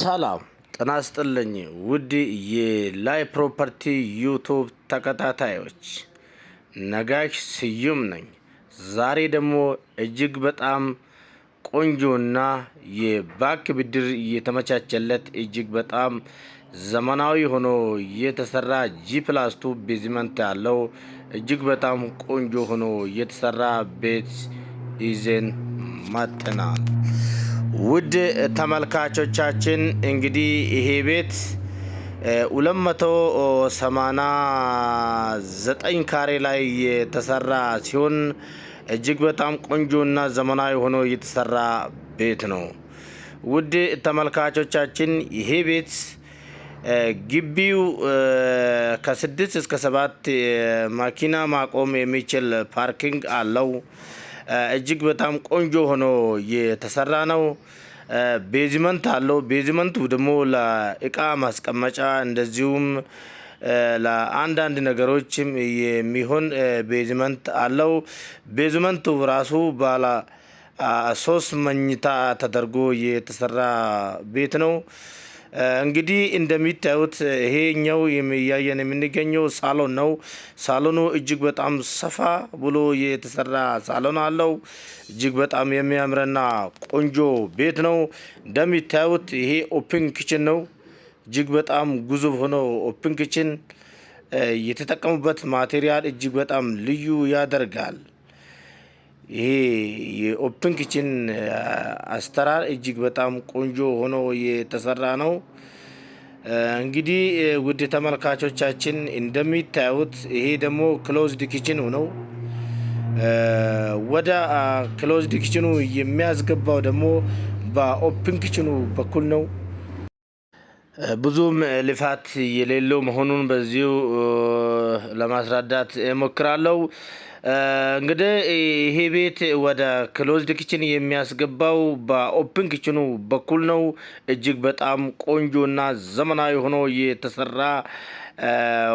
ሰላም ጤና ይስጥልኝ ውድ የላይ ፕሮፐርቲ ዩቱብ ተከታታዮች ነጋሽ ስዩም ነኝ። ዛሬ ደግሞ እጅግ በጣም ቆንጆና የባንክ ብድር የተመቻቸለት እጅግ በጣም ዘመናዊ ሆኖ የተሰራ ጂ ፕላስቱ ቤዝመንት ያለው እጅግ በጣም ቆንጆ ሆኖ የተሰራ ቤት ይዘን መጥተናል። ውድ ተመልካቾቻችን እንግዲህ ይሄ ቤት 289 ካሬ ላይ የተሰራ ሲሆን እጅግ በጣም ቆንጆና ዘመናዊ ሆኖ የተሰራ ቤት ነው። ውድ ተመልካቾቻችን ይሄ ቤት ግቢው ከስድስት እስከ ሰባት መኪና ማቆም የሚችል ፓርኪንግ አለው። እጅግ በጣም ቆንጆ ሆኖ የተሰራ ነው። ቤዝመንት አለው። ቤዝመንቱ ደግሞ ለእቃ ማስቀመጫ እንደዚሁም ለአንዳንድ ነገሮችም የሚሆን ቤዝመንት አለው። ቤዝመንቱ ራሱ ባለ ሶስት መኝታ ተደርጎ የተሰራ ቤት ነው። እንግዲህ እንደሚታዩት ይሄኛው እያየን የምንገኘው ሳሎን ነው። ሳሎኑ እጅግ በጣም ሰፋ ብሎ የተሰራ ሳሎን አለው። እጅግ በጣም የሚያምርና ቆንጆ ቤት ነው። እንደሚታዩት ይሄ ኦፕን ኪችን ነው። እጅግ በጣም ግዙፍ ሆኖ ኦፕን ኪችን የተጠቀሙበት ማቴሪያል እጅግ በጣም ልዩ ያደርጋል። ይሄ የኦፕን ኪችን አሰራር እጅግ በጣም ቆንጆ ሆኖ የተሰራ ነው። እንግዲህ ውድ ተመልካቾቻችን እንደሚታዩት ይሄ ደግሞ ክሎዝድ ኪችን ነው። ወደ ክሎዝድ ኪችኑ የሚያስገባው ደግሞ በኦፕን ኪችኑ በኩል ነው። ብዙም ልፋት የሌለው መሆኑን በዚሁ ለማስረዳት እሞክራለሁ። እንግዲህ ይሄ ቤት ወደ ክሎዝድ ኪችን የሚያስገባው በኦፕን ኪችኑ በኩል ነው። እጅግ በጣም ቆንጆና ዘመናዊ ሆኖ የተሰራ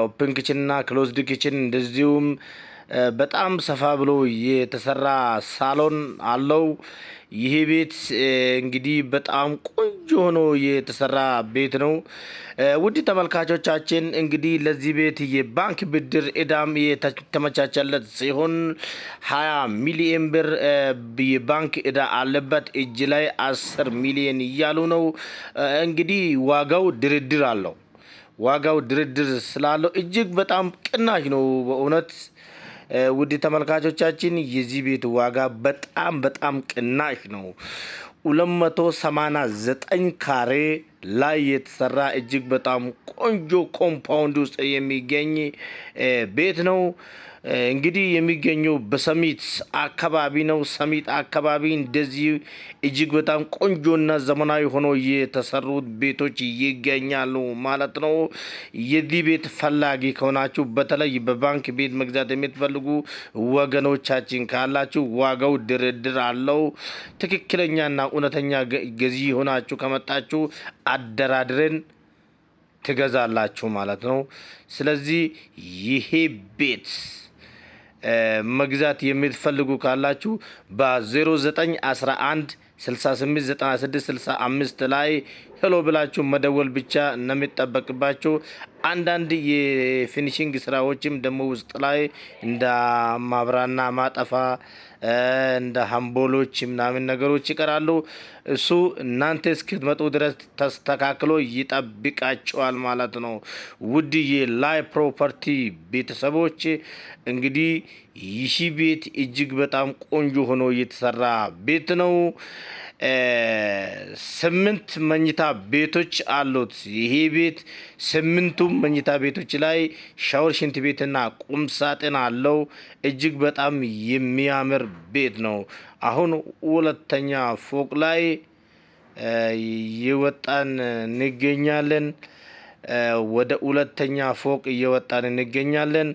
ኦፕን ኪችንና ክሎዝድ ኪችን እንደዚሁም በጣም ሰፋ ብሎ የተሰራ ሳሎን አለው። ይሄ ቤት እንግዲህ በጣም ቆንጆ ሆኖ የተሰራ ቤት ነው። ውድ ተመልካቾቻችን እንግዲህ ለዚህ ቤት የባንክ ብድር እዳም የተመቻቸለት ሲሆን ሀያ ሚሊየን ብር የባንክ እዳ አለበት። እጅ ላይ አስር ሚሊየን እያሉ ነው። እንግዲህ ዋጋው ድርድር አለው። ዋጋው ድርድር ስላለው እጅግ በጣም ቅናሽ ነው በእውነት ውድ ተመልካቾቻችን የዚህ ቤት ዋጋ በጣም በጣም ቅናሽ ነው። 289 ካሬ ላይ የተሰራ እጅግ በጣም ቆንጆ ኮምፓውንድ ውስጥ የሚገኝ ቤት ነው። እንግዲህ የሚገኘው በሰሚት አካባቢ ነው። ሰሚት አካባቢ እንደዚህ እጅግ በጣም ቆንጆና ዘመናዊ ሆኖ የተሰሩት ቤቶች ይገኛሉ ማለት ነው። የዚህ ቤት ፈላጊ ከሆናችሁ በተለይ በባንክ ቤት መግዛት የምትፈልጉ ወገኖቻችን ካላችሁ ዋጋው ድርድር አለው። ትክክለኛና እውነተኛ ገዢ ሆናችሁ ከመጣችሁ አደራድረን ትገዛላችሁ ማለት ነው። ስለዚህ ይሄ ቤት መግዛት የምትፈልጉ ካላችሁ በ0911 689665 ላይ ሄሎ ብላችሁ መደወል ብቻ እንደሚጠበቅባችሁ አንዳንድ የፊኒሽንግ ስራዎችም ደግሞ ውስጥ ላይ እንደ ማብራና ማጠፋ እንደ ሀምቦሎች ምናምን ነገሮች ይቀራሉ። እሱ እናንተ እስክትመጡ ድረስ ተስተካክሎ ይጠብቃቸዋል ማለት ነው። ውድ የላይ ፕሮፐርቲ ቤተሰቦች እንግዲህ ይህ ቤት እጅግ በጣም ቆንጆ ሆኖ የተሰራ ቤት ነው። ስምንት መኝታ ቤቶች አሉት። ይሄ ቤት ስምንቱ መኝታ ቤቶች ላይ ሻወር፣ ሽንት ቤትና ቁም ሳጥን አለው። እጅግ በጣም የሚያምር ቤት ነው። አሁን ሁለተኛ ፎቅ ላይ የወጣን እንገኛለን። ወደ ሁለተኛ ፎቅ እየወጣን እንገኛለን።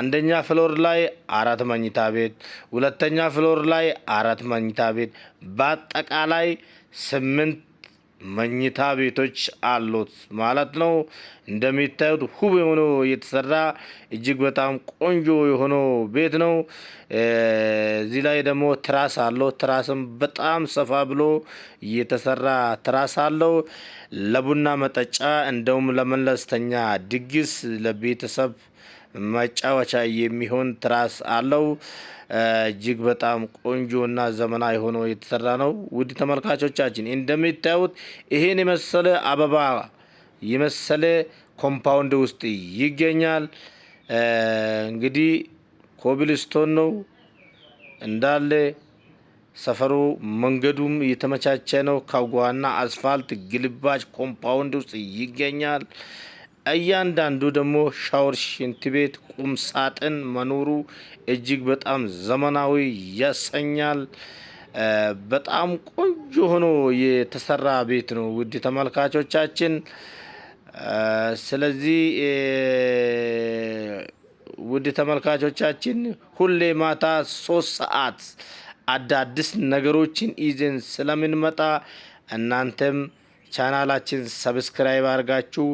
አንደኛ ፍሎር ላይ አራት መኝታ ቤት፣ ሁለተኛ ፍሎር ላይ አራት መኝታ ቤት በአጠቃላይ ስምንት መኝታ ቤቶች አሉት ማለት ነው። እንደሚታዩት ሁብ የሆነ የተሰራ እጅግ በጣም ቆንጆ የሆነ ቤት ነው። እዚህ ላይ ደግሞ ትራስ አለው። ትራስም በጣም ሰፋ ብሎ የተሰራ ትራስ አለው። ለቡና መጠጫ እንደውም ለመለስተኛ ድግስ ለቤተሰብ መጫወቻ የሚሆን ትራስ አለው። እጅግ በጣም ቆንጆ እና ዘመናዊ ሆኖ የተሰራ ነው። ውድ ተመልካቾቻችን እንደሚታዩት ይህን የመሰለ አበባ የመሰለ ኮምፓውንድ ውስጥ ይገኛል። እንግዲህ ኮብልስቶን ነው እንዳለ ሰፈሩ መንገዱም የተመቻቸ ነው። ከጓና አስፋልት ግልባጭ ኮምፓውንድ ውስጥ ይገኛል። እያንዳንዱ ደግሞ ሻወር፣ ሽንት ቤት፣ ቁም ሳጥን መኖሩ እጅግ በጣም ዘመናዊ ያሰኛል። በጣም ቆንጆ ሆኖ የተሰራ ቤት ነው ውድ ተመልካቾቻችን። ስለዚህ ውድ ተመልካቾቻችን ሁሌ ማታ ሶስት ሰዓት አዳዲስ ነገሮችን ይዘን ስለምንመጣ እናንተም ቻናላችን ሰብስክራይብ አድርጋችሁ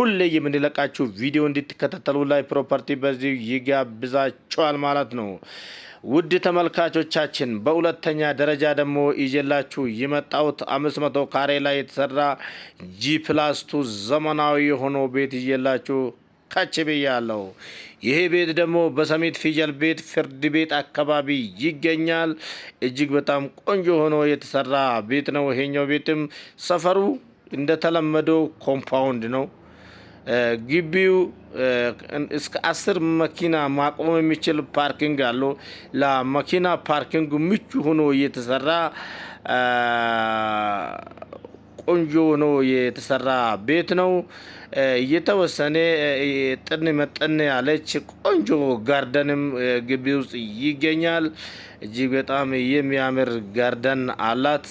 ሁሌ የምንለቃችሁ ቪዲዮ እንድትከታተሉ ላይ ፕሮፐርቲ በዚህ ይጋብዛችኋል ማለት ነው። ውድ ተመልካቾቻችን በሁለተኛ ደረጃ ደግሞ ይዤላችሁ የመጣሁት አምስት መቶ ካሬ ላይ የተሰራ ጂ ፕላስቱ ዘመናዊ የሆነ ቤት ይዤላችሁ ካች ብያለሁ። ይሄ ቤት ደግሞ በሰሜት ፊጀል ቤት ፍርድ ቤት አካባቢ ይገኛል። እጅግ በጣም ቆንጆ ሆኖ የተሰራ ቤት ነው። ይሄኛው ቤትም ሰፈሩ እንደተለመደው ኮምፓውንድ ነው። ግቢው እስከ አስር መኪና ማቆም የሚችል ፓርኪንግ አለው። ለመኪና ፓርኪንግ ምቹ ሆኖ እየተሰራ ቆንጆ ሆኖ የተሰራ ቤት ነው። እየተወሰነ ጥን መጠን ያለች ቆንጆ ጋርደንም ግቢ ውስጥ ይገኛል። እጅግ በጣም የሚያምር ጋርደን አላት።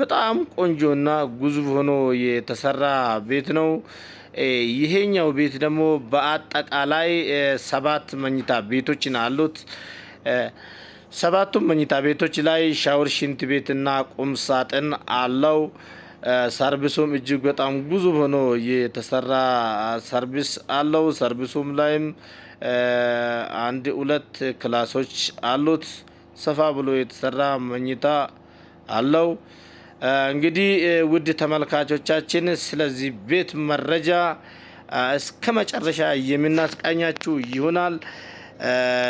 በጣም ቆንጆና ግዙፍ ሆኖ የተሰራ ቤት ነው። ይሄኛው ቤት ደግሞ በአጠቃላይ ሰባት መኝታ ቤቶችን አሉት። ሰባቱም መኝታ ቤቶች ላይ ሻወር፣ ሽንት ቤትና ቁም ሳጥን አለው። ሰርቪሱም እጅግ በጣም ግዙፍ ሆኖ የተሰራ ሰርቪስ አለው። ሰርቪሱም ላይም አንድ ሁለት ክላሶች አሉት። ሰፋ ብሎ የተሰራ መኝታ አለው። እንግዲህ ውድ ተመልካቾቻችን ስለዚህ ቤት መረጃ እስከ መጨረሻ የምናስቃኛችሁ ይሆናል።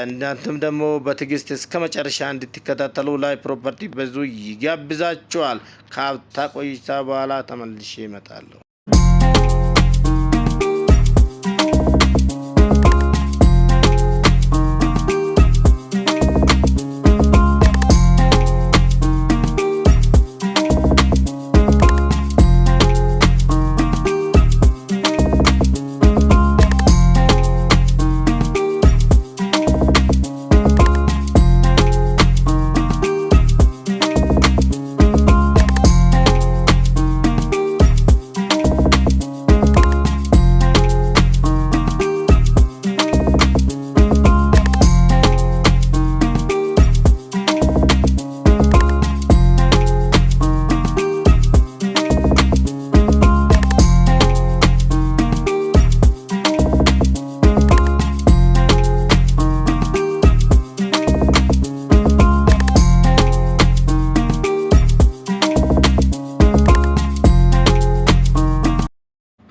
እናንተም ደግሞ በትዕግስት እስከ መጨረሻ እንድትከታተሉ ላይ ፕሮፐርቲ በዙ ይጋብዛችኋል። ከሀብታ ቆይታ በኋላ ተመልሼ እመጣለሁ።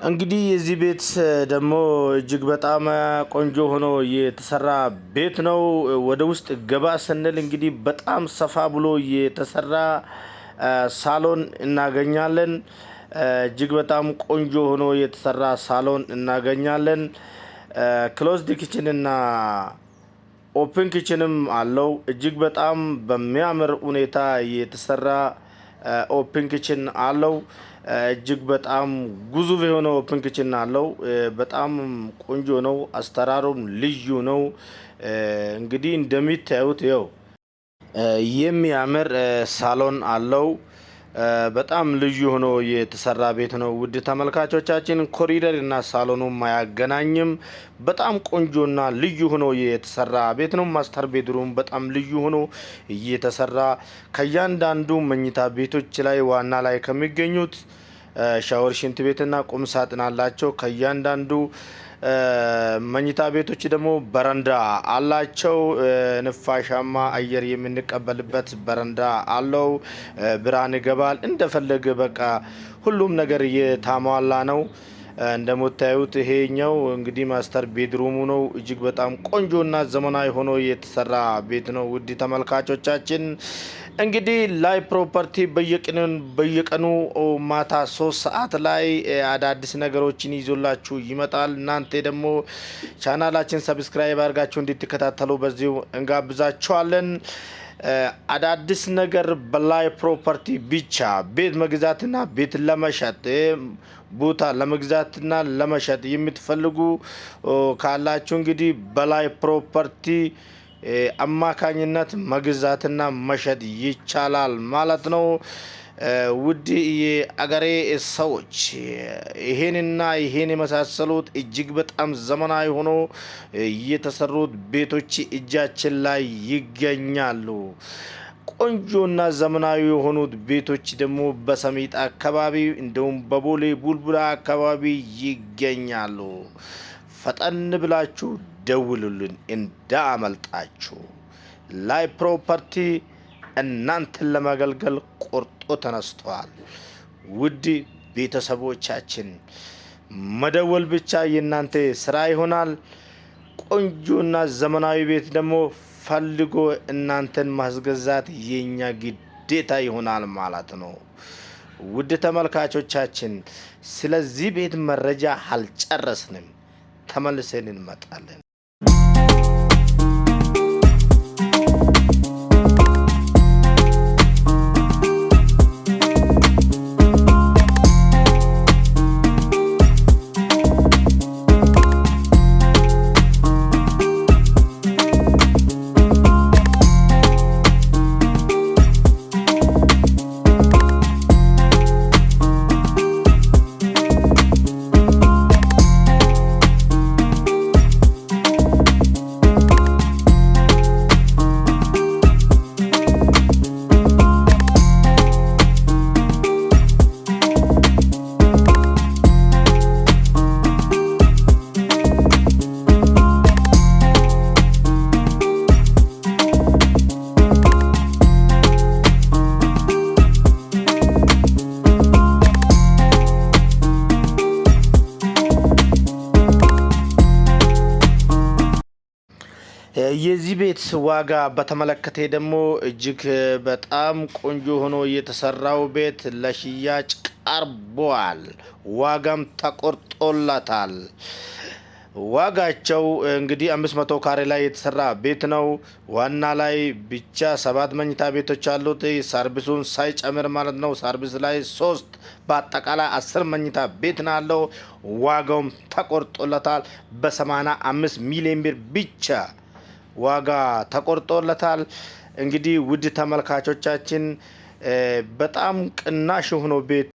እንግዲህ የዚህ ቤት ደግሞ እጅግ በጣም ቆንጆ ሆኖ የተሰራ ቤት ነው። ወደ ውስጥ ገባ ስንል እንግዲህ በጣም ሰፋ ብሎ የተሰራ ሳሎን እናገኛለን። እጅግ በጣም ቆንጆ ሆኖ የተሰራ ሳሎን እናገኛለን። ክሎዝድ ኪችን እና ኦፕን ኪችንም አለው። እጅግ በጣም በሚያምር ሁኔታ የተሰራ ኦፕን ኪችን አለው። እጅግ በጣም ግዙፍ የሆነ ኦፕን ክችን አለው። በጣም ቆንጆ ነው። አስተራሩም ልዩ ነው። እንግዲህ እንደሚታዩት ው የሚያምር ሳሎን አለው። በጣም ልዩ ሆኖ የተሰራ ቤት ነው። ውድ ተመልካቾቻችን ኮሪደር እና ሳሎኑ አያገናኝም። በጣም ቆንጆና ልዩ ሆኖ የተሰራ ቤት ነው። ማስተር ቤድሩም በጣም ልዩ ሆኖ እየተሰራ ከእያንዳንዱ መኝታ ቤቶች ላይ ዋና ላይ ከሚገኙት ሻወር፣ ሽንት ቤትና ቁም ሳጥን አላቸው ከእያንዳንዱ መኝታ ቤቶች ደግሞ በረንዳ አላቸው። ንፋሻማ አየር የምንቀበልበት በረንዳ አለው። ብርሃን ይገባል። እንደፈለገ በቃ ሁሉም ነገር እየታሟላ ነው። እንደምታዩት ይሄኛው እንግዲህ ማስተር ቤድሩሙ ነው። እጅግ በጣም ቆንጆና ዘመናዊ ሆኖ የተሰራ ቤት ነው። ውድ ተመልካቾቻችን እንግዲህ ላይ ፕሮፐርቲ በየቅንን በየቀኑ ማታ ሶስት ሰዓት ላይ አዳዲስ ነገሮችን ይዞላችሁ ይመጣል። እናንተ ደግሞ ቻናላችን ሰብስክራይብ አድርጋችሁ እንድትከታተሉ በዚሁ እንጋብዛችኋለን። አዳዲስ ነገር በላይ ፕሮፐርቲ ብቻ ቤት መግዛትና ቤት ለመሸጥ ቦታ ለመግዛትና ለመሸጥ የምትፈልጉ ካላችሁ እንግዲህ በላይ ፕሮፐርቲ አማካኝነት መግዛትና መሸጥ ይቻላል ማለት ነው። ውድ የአገሬ ሰዎች ይሄንና ይሄን የመሳሰሉት እጅግ በጣም ዘመናዊ ሆኖ የተሰሩት ቤቶች እጃችን ላይ ይገኛሉ። ቆንጆና ዘመናዊ የሆኑት ቤቶች ደግሞ በሰሚጥ አካባቢ እንዲሁም በቦሌ ቡልቡላ አካባቢ ይገኛሉ። ፈጠን ብላችሁ ደውሉልን እንዳመልጣችሁ ላይ ፕሮፐርቲ እናንተን ለማገልገል ቆርጦ ተነስተዋል። ውድ ቤተሰቦቻችን መደወል ብቻ የእናንተ ስራ ይሆናል። ቆንጆና ዘመናዊ ቤት ደግሞ ፈልጎ እናንተን ማስገዛት የኛ ግዴታ ይሆናል ማለት ነው። ውድ ተመልካቾቻችን ስለዚህ ቤት መረጃ አልጨረስንም፣ ተመልሰን እንመጣለን። የዚህ ቤት ዋጋ በተመለከተ ደግሞ እጅግ በጣም ቆንጆ ሆኖ የተሰራው ቤት ለሽያጭ ቀርቧል። ዋጋም ተቆርጦላታል። ዋጋቸው እንግዲህ አምስት መቶ ካሬ ላይ የተሰራ ቤት ነው። ዋና ላይ ብቻ ሰባት መኝታ ቤቶች አሉት ሰርቪሱን ሳይጨምር ማለት ነው። ሰርቪስ ላይ ሶስት በአጠቃላይ አስር መኝታ ቤት ነው ያለው። ዋጋውም ተቆርጦለታል በሰማንያ አምስት ሚሊዮን ብር ብቻ ዋጋ ተቆርጦለታል። እንግዲህ ውድ ተመልካቾቻችን በጣም ቅናሽ ሆኖ ቤት